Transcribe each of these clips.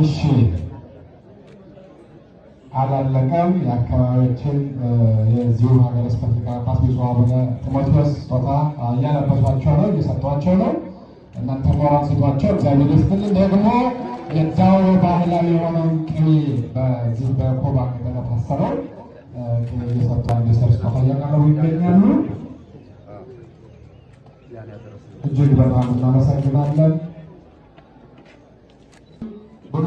እሺ አላለቀም። የአካባቢዎችን የዚሁ ሀገረ ስብከት ሊቀ ጳጳስ ብፁዕ አቡነ ጢሞቴዎስ ስጦታ እያለበሷቸው ነው፣ እየሰጧቸው ነው። እናንተ ሞራል ስጧቸው፣ እግዚአብሔር ይስጥልን። ደግሞ የዛው ባህላዊ የሆነውን ቅቤ በዚህ በኮባ ከተነፋሰረው እየሰጡ ሚኒስተር ሰር ስጦታ እያቀረቡ ይገኛሉ። እጅግ በጣም እናመሰግናለን።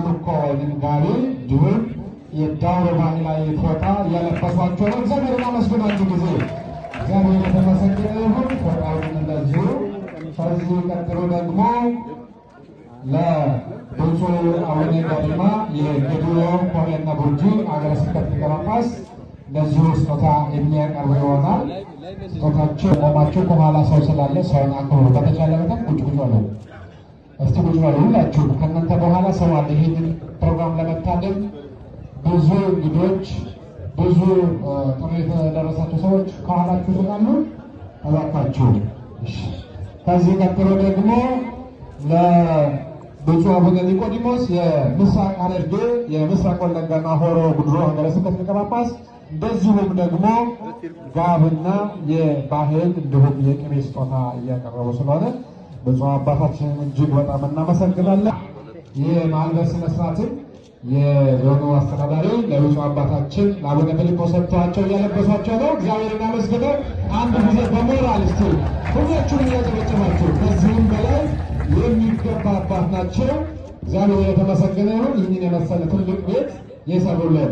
ጉልኮ ድንጋቤ ድውብ የዳውሮ ባህላ ፎጣ እያለበሷቸው ነው። እግዚአብሔርን አመስግናችሁ ጊዜ እግዚአብሔር የተመሰገነ ይሁን። ፎጣውን እንደዚሁ ከዚሁ ቀጥሎ ደግሞ ለብፁዕ አቡነ ገሪማ የጌዲዮ ኮሬና ቡርጂ አገረ ስብከት ሊቀ ጳጳስ ለዚሁ ስጦታ የሚያቀርቡ ይሆናል። ስጦታቸው ቆማቸው ከኋላ ሰው ስላለ ሰውን አክብሩ። በተቻለ መጠን ቁጭ ቁጭ ነው እስቲ ጉጅመር ሁላችሁ ከእናንተ በኋላ ሰው አለ። ይህንን ፕሮግራም ለመታደም ብዙ እንግዶች፣ ብዙ ጥሩ የተደረሳቸው ሰዎች ከኋላችሁ ስላሉ እባካችሁ። ከዚህ ቀጥሎ ደግሞ ለብፁዕ አቡነ ኒቆዲሞስ የምስራቅ ሐረርጌ የምስራቅ ወለጋና ሆሮ ጉድሮ ሀገረ ስብከት ሊቀ ጳጳስ እንደዚሁም ደግሞ ጋብና የባህል እንዲሁም የቅቤ ስጦታ እያቀረቡ ስለሆነ ብፁዕ አባታችንን እጅግ በጣም እናመሰግናለን። የማልበር ስነስርዓትን የዞኑ አስተዳዳሪ ለብፁዕ አባታችን ለአቡነ ፊልጶስ ሰጥተዋቸው እያለበሷቸው ነው። እግዚአብሔር እናመስግነው። አንድ ጊዜ በሞራል እስቲ ሁላችሁም እያጨበጨባችሁ፣ ከዚህም በላይ የሚገባ አባት ናቸው። እግዚአብሔር የተመሰገነ ይሁን። ይህንን የመሰለ ትልቅ ቤት የሰሩልን